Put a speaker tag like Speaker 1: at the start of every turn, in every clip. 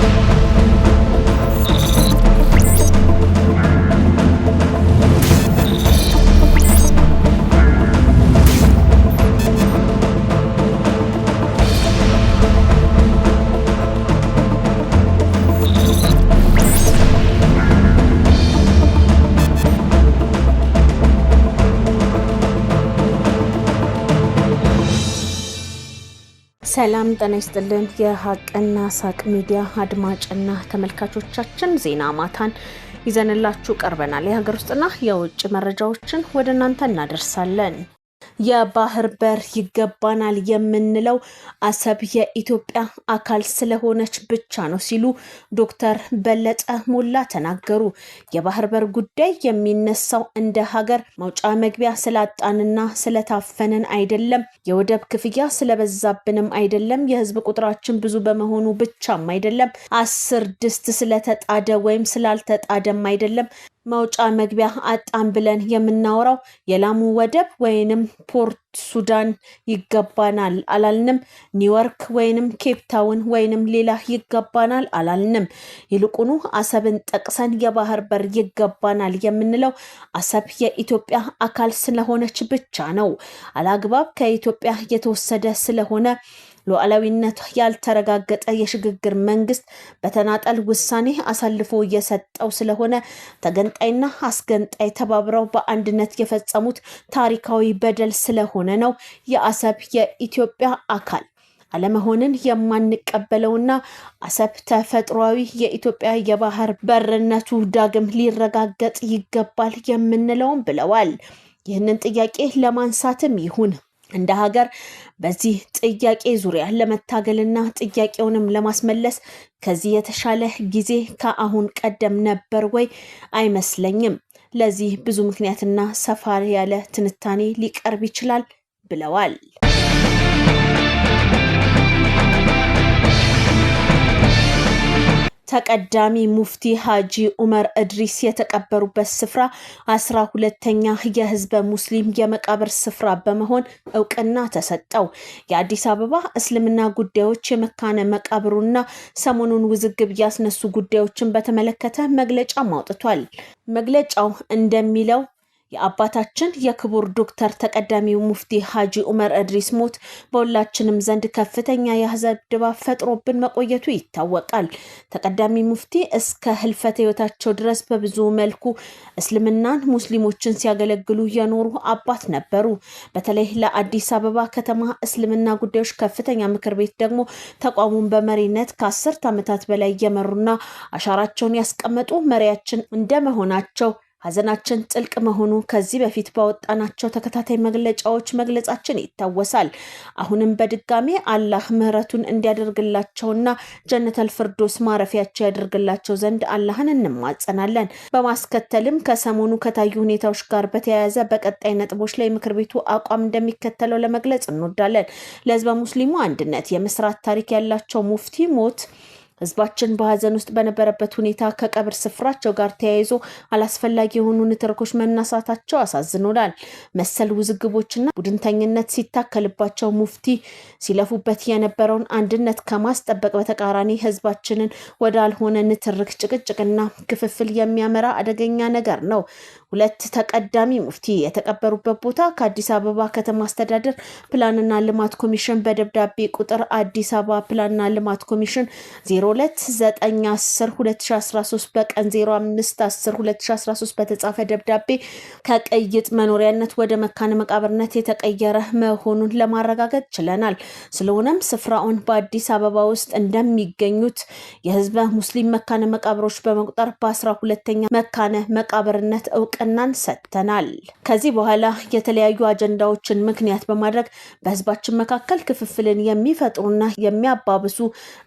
Speaker 1: Thank you. ሰላም ጤና ይስጥልን። የሀቅና ሳቅ ሚዲያ አድማጭና ተመልካቾቻችን ዜና ማታን ይዘንላችሁ ቀርበናል። የሀገር ውስጥና የውጭ መረጃዎችን ወደ እናንተ እናደርሳለን። የባህር በር ይገባናል የምንለው አሰብ የኢትዮጵያ አካል ስለሆነች ብቻ ነው ሲሉ ዶክተር በለጠ ሞላ ተናገሩ። የባህር በር ጉዳይ የሚነሳው እንደ ሀገር መውጫ መግቢያ ስላጣንና ስለታፈንን አይደለም፣ የወደብ ክፍያ ስለበዛብንም አይደለም፣ የህዝብ ቁጥራችን ብዙ በመሆኑ ብቻም አይደለም፣ አስር ድስት ስለተጣደ ወይም ስላልተጣደም አይደለም መውጫ መግቢያ አጣም ብለን የምናወራው የላሙ ወደብ ወይንም ፖርት ሱዳን ይገባናል አላልንም። ኒውዮርክ ወይንም ኬፕታውን ወይንም ሌላ ይገባናል አላልንም። ይልቁኑ አሰብን ጠቅሰን የባህር በር ይገባናል የምንለው አሰብ የኢትዮጵያ አካል ስለሆነች ብቻ ነው። አላግባብ ከኢትዮጵያ የተወሰደ ስለሆነ ሉዓላዊነቱ ያልተረጋገጠ የሽግግር መንግስት በተናጠል ውሳኔ አሳልፎ እየሰጠው ስለሆነ ተገንጣይና አስገንጣይ ተባብረው በአንድነት የፈጸሙት ታሪካዊ በደል ስለሆነ ነው የአሰብ የኢትዮጵያ አካል አለመሆንን የማንቀበለውና አሰብ ተፈጥሯዊ የኢትዮጵያ የባህር በርነቱ ዳግም ሊረጋገጥ ይገባል የምንለውም ብለዋል። ይህንን ጥያቄ ለማንሳትም ይሁን እንደ ሀገር በዚህ ጥያቄ ዙሪያ ለመታገልና ጥያቄውንም ለማስመለስ ከዚህ የተሻለ ጊዜ ከአሁን ቀደም ነበር ወይ? አይመስለኝም። ለዚህ ብዙ ምክንያትና ሰፋ ያለ ትንታኔ ሊቀርብ ይችላል ብለዋል። ተቀዳሚ ሙፍቲ ሀጂ ኡመር እድሪስ የተቀበሩበት ስፍራ አስራ ሁለተኛ የህዝበ ሙስሊም የመቃብር ስፍራ በመሆን እውቅና ተሰጠው። የአዲስ አበባ እስልምና ጉዳዮች የመካነ መቃብሩና ሰሞኑን ውዝግብ ያስነሱ ጉዳዮችን በተመለከተ መግለጫም አውጥቷል። መግለጫው እንደሚለው የአባታችን የክቡር ዶክተር ተቀዳሚው ሙፍቲ ሀጂ ኡመር እድሪስ ሞት በሁላችንም ዘንድ ከፍተኛ የሀዘን ድባብ ፈጥሮብን መቆየቱ ይታወቃል። ተቀዳሚ ሙፍቲ እስከ ህልፈት ህይወታቸው ድረስ በብዙ መልኩ እስልምናን፣ ሙስሊሞችን ሲያገለግሉ የኖሩ አባት ነበሩ። በተለይ ለአዲስ አበባ ከተማ እስልምና ጉዳዮች ከፍተኛ ምክር ቤት ደግሞ ተቋሙን በመሪነት ከአስርት ዓመታት በላይ እየመሩና አሻራቸውን ያስቀመጡ መሪያችን እንደመሆናቸው ሐዘናችን ጥልቅ መሆኑ ከዚህ በፊት ባወጣናቸው ተከታታይ መግለጫዎች መግለጻችን ይታወሳል። አሁንም በድጋሜ አላህ ምሕረቱን እንዲያደርግላቸውና ጀነተል ፍርዶስ ማረፊያቸው ያደርግላቸው ዘንድ አላህን እንማጸናለን። በማስከተልም ከሰሞኑ ከታዩ ሁኔታዎች ጋር በተያያዘ በቀጣይ ነጥቦች ላይ ምክር ቤቱ አቋም እንደሚከተለው ለመግለጽ እንወዳለን። ለህዝበ ሙስሊሙ አንድነት የምስራት ታሪክ ያላቸው ሙፍቲ ሞት ህዝባችን በሀዘን ውስጥ በነበረበት ሁኔታ ከቀብር ስፍራቸው ጋር ተያይዞ አላስፈላጊ የሆኑ ንትርኮች መነሳታቸው አሳዝኖናል። መሰል ውዝግቦችና ቡድንተኝነት ሲታከልባቸው ሙፍቲ ሲለፉበት የነበረውን አንድነት ከማስጠበቅ በተቃራኒ ህዝባችንን ወዳልሆነ ንትርክ፣ ጭቅጭቅና ክፍፍል የሚያመራ አደገኛ ነገር ነው። ሁለት ተቀዳሚ ሙፍቲ የተቀበሩበት ቦታ ከአዲስ አበባ ከተማ አስተዳደር ፕላንና ልማት ኮሚሽን በደብዳቤ ቁጥር አዲስ አበባ ፕላንና ልማት ኮሚሽን 02910213 በቀን 05102013 በተጻፈ ደብዳቤ ከቅይጥ መኖሪያነት ወደ መካነ መቃብርነት የተቀየረ መሆኑን ለማረጋገጥ ችለናል። ስለሆነም ስፍራውን በአዲስ አበባ ውስጥ እንደሚገኙት የህዝበ ሙስሊም መካነ መቃብሮች በመቁጠር በ በ12ተኛ መካነ መቃብርነት እውቅ እያጠናን ሰጥተናል። ከዚህ በኋላ የተለያዩ አጀንዳዎችን ምክንያት በማድረግ በህዝባችን መካከል ክፍፍልን የሚፈጥሩና የሚያባብሱ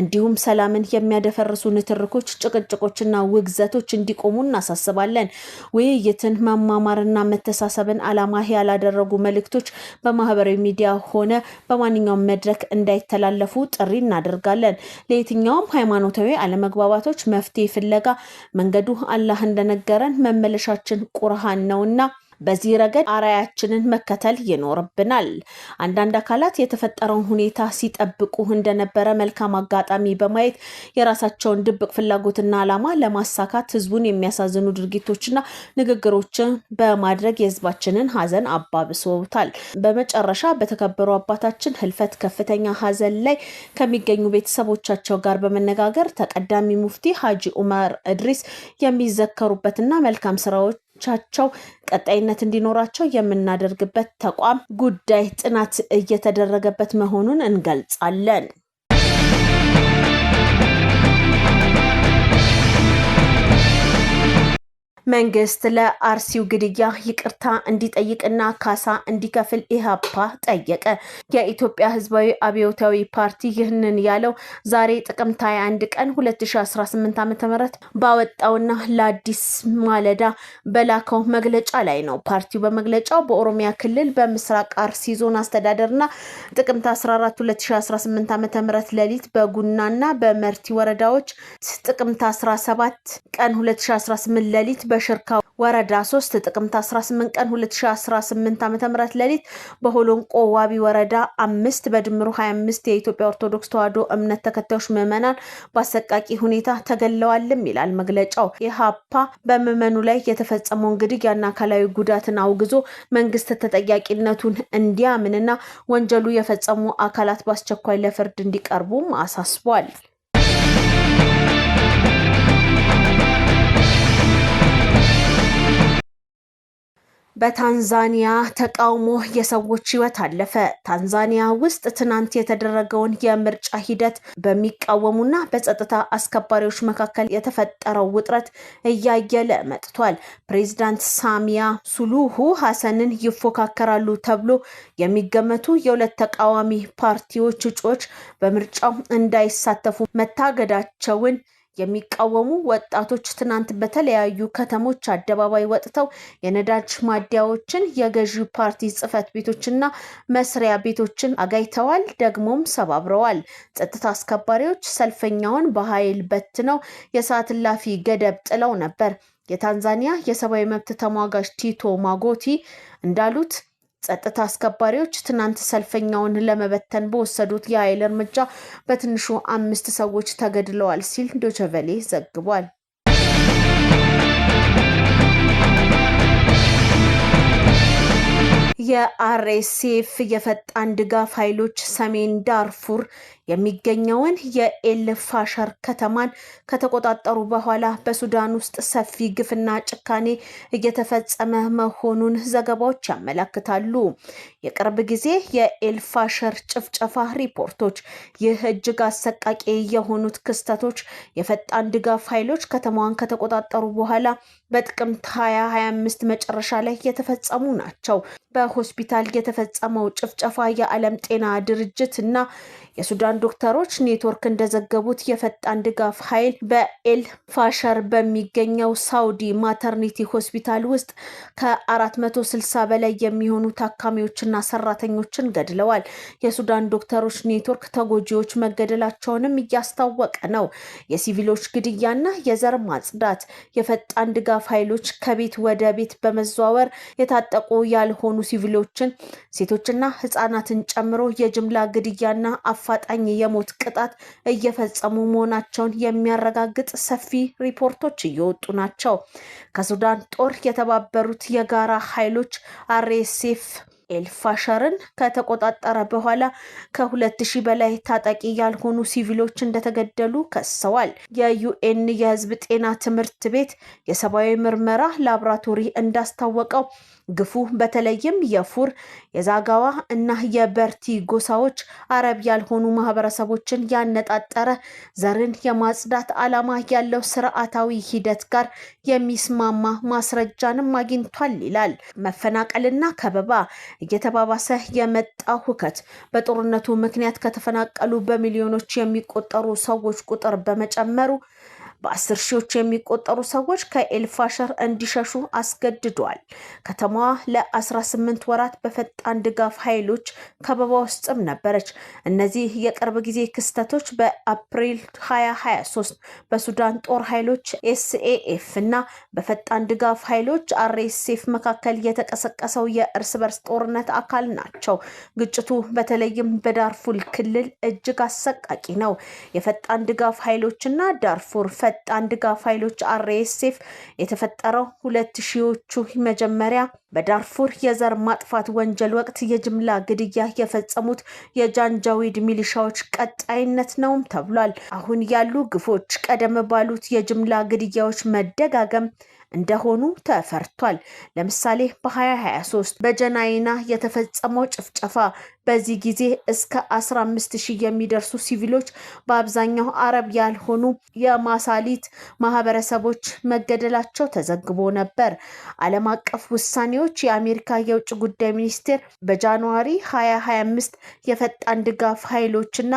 Speaker 1: እንዲሁም ሰላምን የሚያደፈርሱ ንትርኮች፣ ጭቅጭቆችና ውግዘቶች እንዲቆሙ እናሳስባለን። ውይይትን፣ መማማርና መተሳሰብን አላማ ያላደረጉ መልእክቶች በማህበራዊ ሚዲያ ሆነ በማንኛውም መድረክ እንዳይተላለፉ ጥሪ እናደርጋለን። ለየትኛውም ሃይማኖታዊ አለመግባባቶች መፍትሄ ፍለጋ መንገዱ አላህ እንደነገረን መመለሻችን ቁርሃን ነውና በዚህ ረገድ አራያችንን መከተል ይኖርብናል። አንዳንድ አካላት የተፈጠረውን ሁኔታ ሲጠብቁ እንደነበረ መልካም አጋጣሚ በማየት የራሳቸውን ድብቅ ፍላጎትና ዓላማ ለማሳካት ህዝቡን የሚያሳዝኑ ድርጊቶችና ንግግሮችን በማድረግ የህዝባችንን ሀዘን አባብሶታል። በመጨረሻ በተከበሩ አባታችን ህልፈት ከፍተኛ ሀዘን ላይ ከሚገኙ ቤተሰቦቻቸው ጋር በመነጋገር ተቀዳሚ ሙፍቲ ሀጂ ኡመር እድሪስ የሚዘከሩበትና መልካም ስራዎች ቻቸው ቀጣይነት እንዲኖራቸው የምናደርግበት ተቋም ጉዳይ ጥናት እየተደረገበት መሆኑን እንገልጻለን። መንግስት ለአርሲው ግድያ ይቅርታ እንዲጠይቅና ካሳ እንዲከፍል ኢህአፓ ጠየቀ። የኢትዮጵያ ህዝባዊ አብዮታዊ ፓርቲ ይህንን ያለው ዛሬ ጥቅምት 21 ቀን 2018 ዓ ም ባወጣውና ለአዲስ ማለዳ በላከው መግለጫ ላይ ነው። ፓርቲው በመግለጫው በኦሮሚያ ክልል በምስራቅ አርሲ ዞን አስተዳደርና ጥቅምት 14 2018 ዓ ም ሌሊት በጉናና በመርቲ ወረዳዎች ጥቅምት 17 ቀን 2018 ሌሊት በሽርካ ወረዳ 3 ጥቅምት 18 ቀን 2018 ዓ ም ሌሊት በሆሎንቆ ዋቢ ወረዳ አምስት በድምሩ 25 የኢትዮጵያ ኦርቶዶክስ ተዋሕዶ እምነት ተከታዮች ምዕመናን በአሰቃቂ ሁኔታ ተገለዋልም ይላል መግለጫው። ኢህአፓ በምዕመኑ ላይ የተፈጸመውን ግድያና አካላዊ ጉዳትን አውግዞ መንግስት ተጠያቂነቱን እንዲያምንና ወንጀሉ የፈጸሙ አካላት በአስቸኳይ ለፍርድ እንዲቀርቡም አሳስቧል። በታንዛኒያ ተቃውሞ የሰዎች ሕይወት አለፈ። ታንዛኒያ ውስጥ ትናንት የተደረገውን የምርጫ ሂደት በሚቃወሙና በጸጥታ አስከባሪዎች መካከል የተፈጠረው ውጥረት እያየለ መጥቷል። ፕሬዚዳንት ሳሚያ ሱሉሁ ሀሰንን ይፎካከራሉ ተብሎ የሚገመቱ የሁለት ተቃዋሚ ፓርቲዎች እጩዎች በምርጫው እንዳይሳተፉ መታገዳቸውን የሚቃወሙ ወጣቶች ትናንት በተለያዩ ከተሞች አደባባይ ወጥተው የነዳጅ ማደያዎችን፣ የገዢው ፓርቲ ጽህፈት ቤቶችና መስሪያ ቤቶችን አጋይተዋል፣ ደግሞም ሰባብረዋል። ጸጥታ አስከባሪዎች ሰልፈኛውን በኃይል በትነው የሰዓት እላፊ ገደብ ጥለው ነበር። የታንዛኒያ የሰብአዊ መብት ተሟጋች ቲቶ ማጎቲ እንዳሉት ጸጥታ አስከባሪዎች ትናንት ሰልፈኛውን ለመበተን በወሰዱት የኃይል እርምጃ በትንሹ አምስት ሰዎች ተገድለዋል ሲል ዶቸቨሌ ዘግቧል። የአርኤስኤፍ የፈጣን ድጋፍ ኃይሎች ሰሜን ዳርፉር የሚገኘውን የኤልፋሸር ከተማን ከተቆጣጠሩ በኋላ በሱዳን ውስጥ ሰፊ ግፍና ጭካኔ እየተፈጸመ መሆኑን ዘገባዎች ያመለክታሉ። የቅርብ ጊዜ የኤልፋሸር ጭፍጨፋ ሪፖርቶች ይህ እጅግ አሰቃቂ የሆኑት ክስተቶች የፈጣን ድጋፍ ኃይሎች ከተማዋን ከተቆጣጠሩ በኋላ በጥቅምት 2025 መጨረሻ ላይ የተፈጸሙ ናቸው። በሆስፒታል የተፈጸመው ጭፍጨፋ የዓለም ጤና ድርጅት እና የሱዳን የሱዳን ዶክተሮች ኔትወርክ እንደዘገቡት የፈጣን ድጋፍ ኃይል በኤል ፋሸር በሚገኘው ሳውዲ ማተርኒቲ ሆስፒታል ውስጥ ከ460 በላይ የሚሆኑ ታካሚዎችና ሰራተኞችን ገድለዋል። የሱዳን ዶክተሮች ኔትወርክ ተጎጂዎች መገደላቸውንም እያስታወቀ ነው። የሲቪሎች ግድያና የዘር ማጽዳት የፈጣን ድጋፍ ኃይሎች ከቤት ወደ ቤት በመዘዋወር የታጠቁ ያልሆኑ ሲቪሎችን፣ ሴቶችና ህጻናትን ጨምሮ የጅምላ ግድያና አፋጣኝ የሞት ቅጣት እየፈጸሙ መሆናቸውን የሚያረጋግጥ ሰፊ ሪፖርቶች እየወጡ ናቸው። ከሱዳን ጦር የተባበሩት የጋራ ኃይሎች አርኤስኤፍ ኤልፋሸርን ከተቆጣጠረ በኋላ ከሁለት ሺህ በላይ ታጣቂ ያልሆኑ ሲቪሎች እንደተገደሉ ከሰዋል። የዩኤን የህዝብ ጤና ትምህርት ቤት የሰብአዊ ምርመራ ላብራቶሪ እንዳስታወቀው ግፉ በተለይም የፉር የዛጋዋ እና የበርቲ ጎሳዎች አረብ ያልሆኑ ማህበረሰቦችን ያነጣጠረ ዘርን የማጽዳት ዓላማ ያለው ስርዓታዊ ሂደት ጋር የሚስማማ ማስረጃንም አግኝቷል ይላል። መፈናቀልና ከበባ እየተባባሰ የመጣ ሁከት በጦርነቱ ምክንያት ከተፈናቀሉ በሚሊዮኖች የሚቆጠሩ ሰዎች ቁጥር በመጨመሩ በአስር ሺዎች የሚቆጠሩ ሰዎች ከኤልፋሸር እንዲሸሹ አስገድዷል። ከተማዋ ለ18 ወራት በፈጣን ድጋፍ ኃይሎች ከበባ ውስጥም ነበረች። እነዚህ የቅርብ ጊዜ ክስተቶች በአፕሪል 2023 በሱዳን ጦር ኃይሎች ኤስኤኤፍ እና በፈጣን ድጋፍ ኃይሎች አርኤስኤፍ መካከል የተቀሰቀሰው የእርስ በርስ ጦርነት አካል ናቸው። ግጭቱ በተለይም በዳርፉል ክልል እጅግ አሰቃቂ ነው። የፈጣን ድጋፍ ኃይሎችና ዳርፉር ፈጣን ድጋፍ ኃይሎች አርኤስኤፍ የተፈጠረው ሁለት ሺዎቹ መጀመሪያ በዳርፉር የዘር ማጥፋት ወንጀል ወቅት የጅምላ ግድያ የፈጸሙት የጃንጃዊድ ሚሊሻዎች ቀጣይነት ነውም ተብሏል። አሁን ያሉ ግፎች ቀደም ባሉት የጅምላ ግድያዎች መደጋገም እንደሆኑ ተፈርቷል። ለምሳሌ በ2023 በጀናይና የተፈጸመው ጭፍጨፋ በዚህ ጊዜ እስከ 15 ሺህ የሚደርሱ ሲቪሎች በአብዛኛው አረብ ያልሆኑ የማሳሊት ማህበረሰቦች መገደላቸው ተዘግቦ ነበር። ዓለም አቀፍ ውሳኔዎች የአሜሪካ የውጭ ጉዳይ ሚኒስቴር በጃንዋሪ 2025 የፈጣን ድጋፍ ኃይሎችና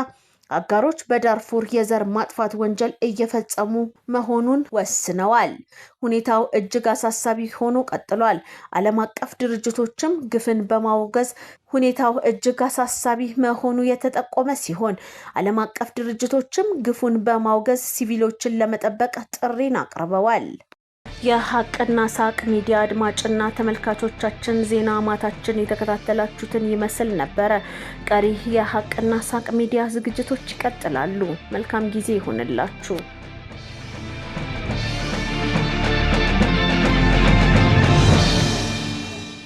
Speaker 1: አጋሮች በዳርፉር የዘር ማጥፋት ወንጀል እየፈጸሙ መሆኑን ወስነዋል። ሁኔታው እጅግ አሳሳቢ ሆኖ ቀጥሏል። ዓለም አቀፍ ድርጅቶችም ግፍን በማውገዝ ሁኔታው እጅግ አሳሳቢ መሆኑ የተጠቆመ ሲሆን ዓለም አቀፍ ድርጅቶችም ግፉን በማውገዝ ሲቪሎችን ለመጠበቅ ጥሪን አቅርበዋል።
Speaker 2: የሀቅና ሳቅ ሚዲያ አድማጭና ተመልካቾቻችን ዜና ማታችን የተከታተላችሁትን ይመስል ነበረ። ቀሪ የሀቅና ሳቅ ሚዲያ ዝግጅቶች ይቀጥላሉ። መልካም ጊዜ ይሆንላችሁ።